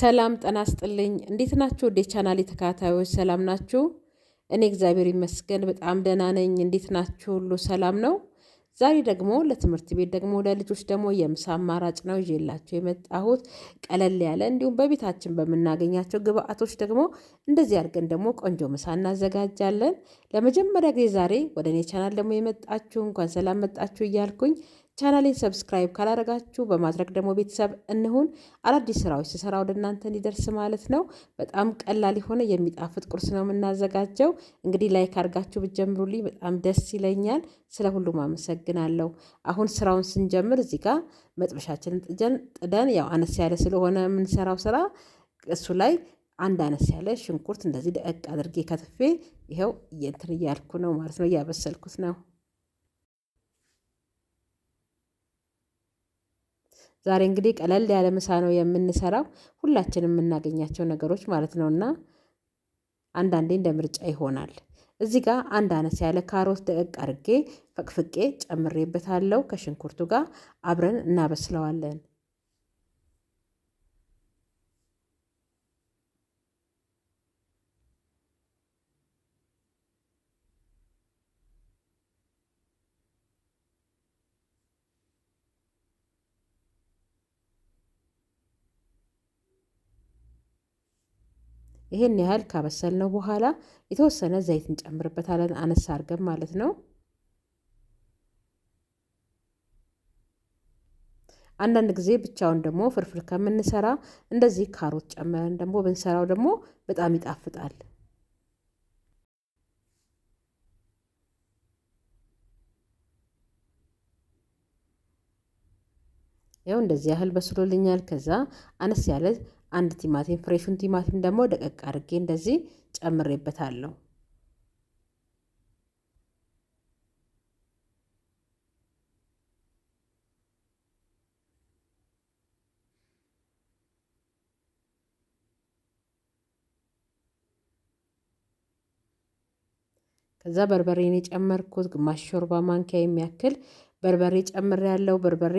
ሰላም ጠና ስጥልኝ። እንዴት ናችሁ? ወደ ቻናል የተከታታዮች ሰላም ናችሁ? እኔ እግዚአብሔር ይመስገን በጣም ደህና ነኝ። እንዴት ናችሁ? ሁሉ ሰላም ነው? ዛሬ ደግሞ ለትምህርት ቤት ደግሞ ለልጆች ደግሞ የምሳ አማራጭ ነው ይዤላቸው የመጣሁት ቀለል ያለ እንዲሁም በቤታችን በምናገኛቸው ግብአቶች ደግሞ እንደዚህ አድርገን ደግሞ ቆንጆ ምሳ እናዘጋጃለን። ለመጀመሪያ ጊዜ ዛሬ ወደ እኔ ቻናል ደግሞ የመጣችሁ እንኳን ሰላም መጣችሁ እያልኩኝ ቻናሌን ሰብስክራይብ ካላደረጋችሁ በማድረግ ደግሞ ቤተሰብ እንሁን። አዳዲስ ስራዎች ስሰራ ወደ እናንተ እንዲደርስ ማለት ነው። በጣም ቀላል የሆነ የሚጣፍጥ ቁርስ ነው የምናዘጋጀው። እንግዲህ ላይክ አድርጋችሁ ብትጀምሩልኝ በጣም ደስ ይለኛል። ስለ ሁሉም አመሰግናለሁ። አሁን ስራውን ስንጀምር እዚህ ጋር መጥበሻችንን ጥጀን ጥደን ያው አነስ ያለ ስለሆነ የምንሰራው ስራ እሱ ላይ አንድ አነስ ያለ ሽንኩርት እንደዚህ ደቅ አድርጌ ከትፌ ይኸው እንትን እያልኩ ነው ማለት ነው፣ እያበሰልኩት ነው። ዛሬ እንግዲህ ቀለል ያለ ምሳ ነው የምንሰራው። ሁላችንም የምናገኛቸው ነገሮች ማለት ነው እና አንዳንዴ እንደ ምርጫ ይሆናል። እዚህ ጋር አንድ አነስ ያለ ካሮት ደቀቅ አድርጌ ፈቅፍቄ ጨምሬበታለሁ። ከሽንኩርቱ ጋር አብረን እናበስለዋለን። ይሄን ያህል ካበሰልነው በኋላ የተወሰነ ዘይት እንጨምርበታለን፣ አነስ አድርገን ማለት ነው። አንዳንድ ጊዜ ብቻውን ደግሞ ፍርፍር ከምንሰራ እንደዚህ ካሮት ጨምረን ደግሞ ብንሰራው ደግሞ በጣም ይጣፍጣል። ያው እንደዚህ ያህል በስሎልኛል። ከዛ አነስ ያለ አንድ ቲማቲም ፍሬሹን ቲማቲም ደግሞ ደቀቅ አድርጌ እንደዚህ ጨምሬበታለሁ። ከዛ በርበሬን የጨመርኩት ግማሽ ሾርባ ማንኪያ የሚያክል በርበሬ ጨምሬ ያለው። በርበሬ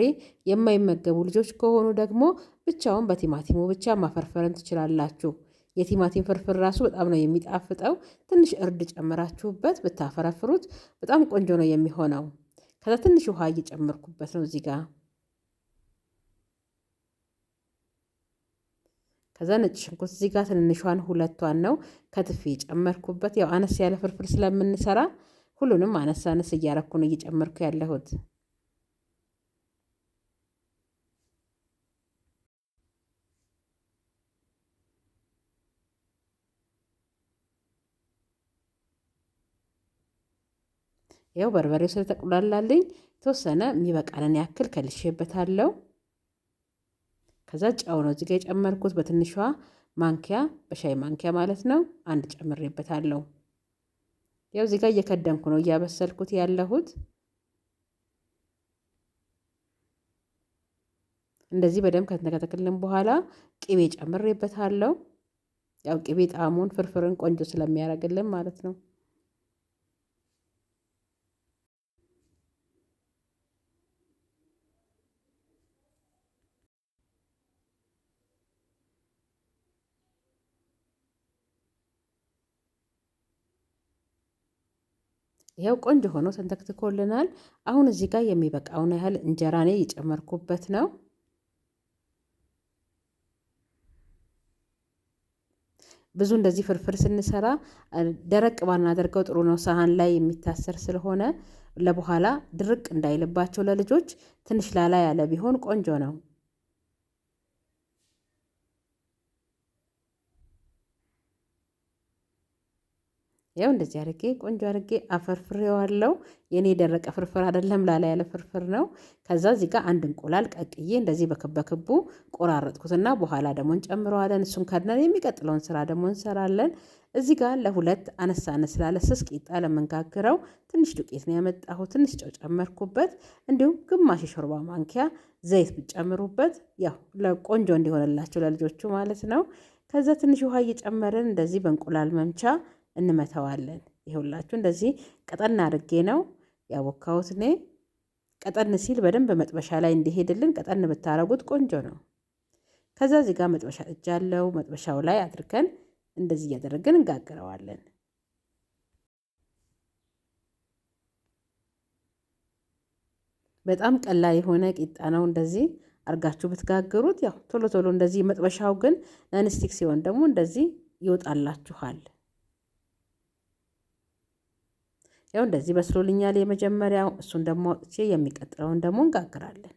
የማይመገቡ ልጆች ከሆኑ ደግሞ ብቻውን በቲማቲሙ ብቻ ማፈርፈርን ትችላላችሁ። የቲማቲም ፍርፍር ራሱ በጣም ነው የሚጣፍጠው። ትንሽ እርድ ጨምራችሁበት ብታፈረፍሩት በጣም ቆንጆ ነው የሚሆነው። ከዛ ትንሽ ውሃ እየጨመርኩበት ነው እዚህ ጋር። ከዛ ነጭ ሽንኩርት እዚህ ጋር ትንንሿን ሁለቷን ነው ከትፌ ጨመርኩበት። ያው አነስ ያለ ፍርፍር ስለምንሰራ ሁሉንም አነስ አነስ እያረኩ ነው እየጨመርኩ ያለሁት። ያው በርበሬው ስለተቁላላልኝ የተወሰነ የሚበቃንን ያክል ከልሼበታለሁ። ከዛ ጨው ነው እዚጋ የጨመርኩት በትንሿ ማንኪያ በሻይ ማንኪያ ማለት ነው። አንድ ጨምሬበታለሁ። ያው እዚጋ እየከደንኩ ነው እያበሰልኩት ያለሁት። እንደዚህ በደንብ ከተከተክልን በኋላ ቅቤ ጨምሬበታለሁ። ያው ቅቤ ጣዕሙን ፍርፍርን ቆንጆ ስለሚያደርግልን ማለት ነው። ይኸው ቆንጆ ሆኖ ተንተክትኮልናል። አሁን እዚህ ጋር የሚበቃውን ያህል እንጀራ እኔ እየጨመርኩበት ነው። ብዙ እንደዚህ ፍርፍር ስንሰራ ደረቅ ባናደርገው ጥሩ ነው። ሰሃን ላይ የሚታሰር ስለሆነ ለበኋላ ድርቅ እንዳይልባቸው ለልጆች ትንሽ ላላ ያለ ቢሆን ቆንጆ ነው። ያው እንደዚህ አድርጌ ቆንጆ አድርጌ አፈርፍሬዋለሁ። የኔ የደረቀ ፍርፍር አይደለም፣ ላላ ያለ ፍርፍር ነው። ከዛ እዚህ ጋር አንድ እንቁላል ቀቅዬ እንደዚህ በክበክቡ ቆራረጥኩትና በኋላ ደግሞ እንጨምረዋለን። እሱን ካድነን የሚቀጥለውን ስራ ደግሞ እንሰራለን። እዚህ ጋር ለሁለት አነስ አነስ ላለ ስስ ቂጣ ለመንጋግረው ትንሽ ዱቄት ነው ያመጣሁት። ትንሽ ጨው ጨመርኩበት። እንዲሁም ግማሽ የሾርባ ማንኪያ ዘይት ብጨምሩበት ያው ለቆንጆ እንዲሆንላቸው ለልጆቹ ማለት ነው። ከዛ ትንሽ ውሃ እየጨመርን እንደዚህ በእንቁላል መምቻ እንመተዋለን። ይሄውላችሁ እንደዚህ ቀጠን አድርጌ ነው ያቦካሁት እኔ። ቀጠን ሲል በደንብ መጥበሻ ላይ እንዲሄድልን ቀጠን ብታረጉት ቆንጆ ነው። ከዛ እዚህ ጋር መጥበሻ እጃለው መጥበሻው ላይ አድርገን እንደዚህ እያደረግን እንጋግረዋለን። በጣም ቀላል የሆነ ቂጣ ነው። እንደዚህ አርጋችሁ ብትጋግሩት ያው ቶሎ ቶሎ እንደዚህ መጥበሻው ግን ናንስቲክ ሲሆን ደግሞ እንደዚህ ይወጣላችኋል። ያው እንደዚህ በስሎልኛል የመጀመሪያው። እሱን ደግሞ አውጥቼ የሚቀጥለውን ደግሞ እንጋግራለን።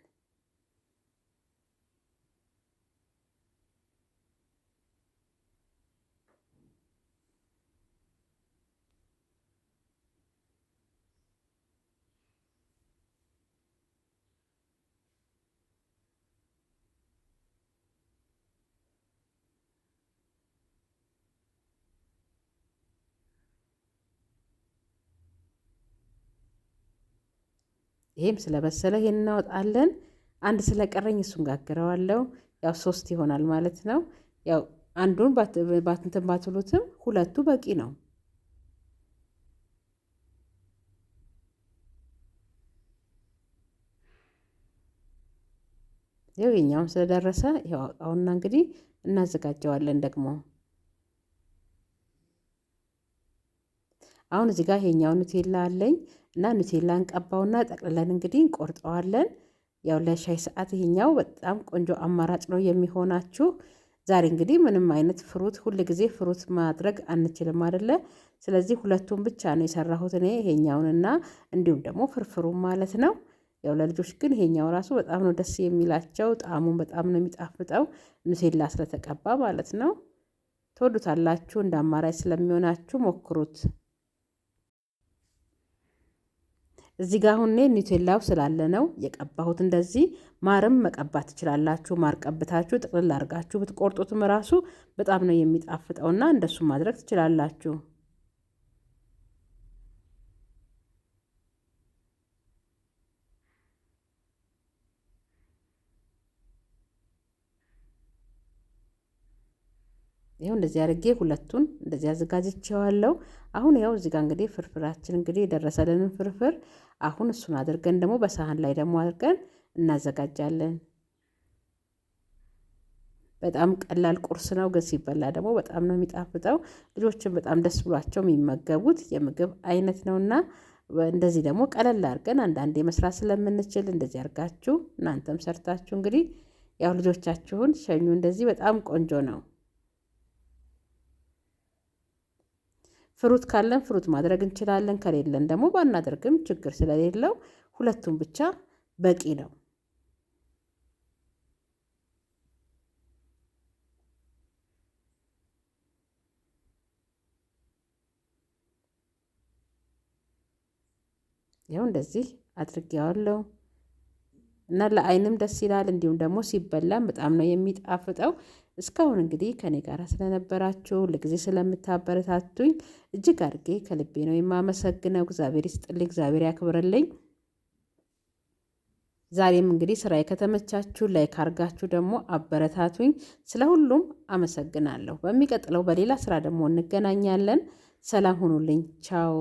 ይሄም ስለበሰለ ይሄን እናወጣለን። አንድ ስለቀረኝ እሱን ጋግረዋለሁ። ያው ሶስት ይሆናል ማለት ነው። ያው አንዱን ባትንትን ባትሉትም ሁለቱ በቂ ነው። ይኸው የኛውም ስለደረሰ ይኸው አውጣውና እንግዲህ እናዘጋጀዋለን ደግሞ አሁን እዚህ ጋር ይሄኛው ኑቴላ አለኝ። እና ኑቴላ እንቀባውና ጠቅልለን እንግዲህ እንቆርጠዋለን። ያው ለሻይ ሰዓት ይሄኛው በጣም ቆንጆ አማራጭ ነው የሚሆናችሁ። ዛሬ እንግዲህ ምንም አይነት ፍሩት ሁል ጊዜ ፍሩት ማድረግ አንችልም አይደለ? ስለዚህ ሁለቱን ብቻ ነው የሰራሁት እኔ ይሄኛውንና እንዲሁም ደግሞ ፍርፍሩ ማለት ነው። ያው ለልጆች ግን ይሄኛው ራሱ በጣም ነው ደስ የሚላቸው። ጣዕሙን በጣም ነው የሚጣፍጠው ኑቴላ ስለተቀባ ማለት ነው። ትወዱታላችሁ። እንደ አማራጭ ስለሚሆናችሁ ሞክሩት። እዚህ ጋር አሁን እኔ ኒቴላው ስላለ ነው የቀባሁት። እንደዚህ ማርም መቀባት ትችላላችሁ። ማር ቀብታችሁ ጥቅልል አድርጋችሁ ብትቆርጡትም ራሱ በጣም ነው የሚጣፍጠውና እንደሱ ማድረግ ትችላላችሁ። ይኸው እንደዚህ አድርጌ ሁለቱን እንደዚህ አዘጋጅቼዋለሁ። አሁን ያው እዚህ ጋር እንግዲህ ፍርፍራችን እንግዲህ የደረሰልንን ፍርፍር አሁን እሱን አድርገን ደግሞ በሳህን ላይ ደግሞ አድርገን እናዘጋጃለን። በጣም ቀላል ቁርስ ነው፣ ግን ሲበላ ደግሞ በጣም ነው የሚጣፍጠው። ልጆችን በጣም ደስ ብሏቸው የሚመገቡት የምግብ አይነት ነውና እንደዚህ ደግሞ ቀለል አድርገን አንዳንዴ መስራት ስለምንችል እንደዚህ አድርጋችሁ እናንተም ሰርታችሁ እንግዲህ ያው ልጆቻችሁን ሸኙ። እንደዚህ በጣም ቆንጆ ነው። ፍሩት ካለን ፍሩት ማድረግ እንችላለን። ከሌለን ደግሞ ባናደርግም ችግር ስለሌለው ሁለቱም ብቻ በቂ ነው። ያው እንደዚህ አድርጌዋለሁ። እና ለአይንም ደስ ይላል። እንዲሁም ደግሞ ሲበላም በጣም ነው የሚጣፍጠው። እስካሁን እንግዲህ ከኔ ጋር ስለነበራችሁ ለጊዜ ስለምታበረታቱኝ እጅግ አድርጌ ከልቤ ነው የማመሰግነው። እግዚአብሔር ይስጥልኝ፣ እግዚአብሔር ያክብርልኝ። ዛሬም እንግዲህ ስራዬ ከተመቻችሁ ላይክ አርጋችሁ ደግሞ አበረታቱኝ። ስለ ሁሉም አመሰግናለሁ። በሚቀጥለው በሌላ ስራ ደግሞ እንገናኛለን። ሰላም ሁኑልኝ። ቻው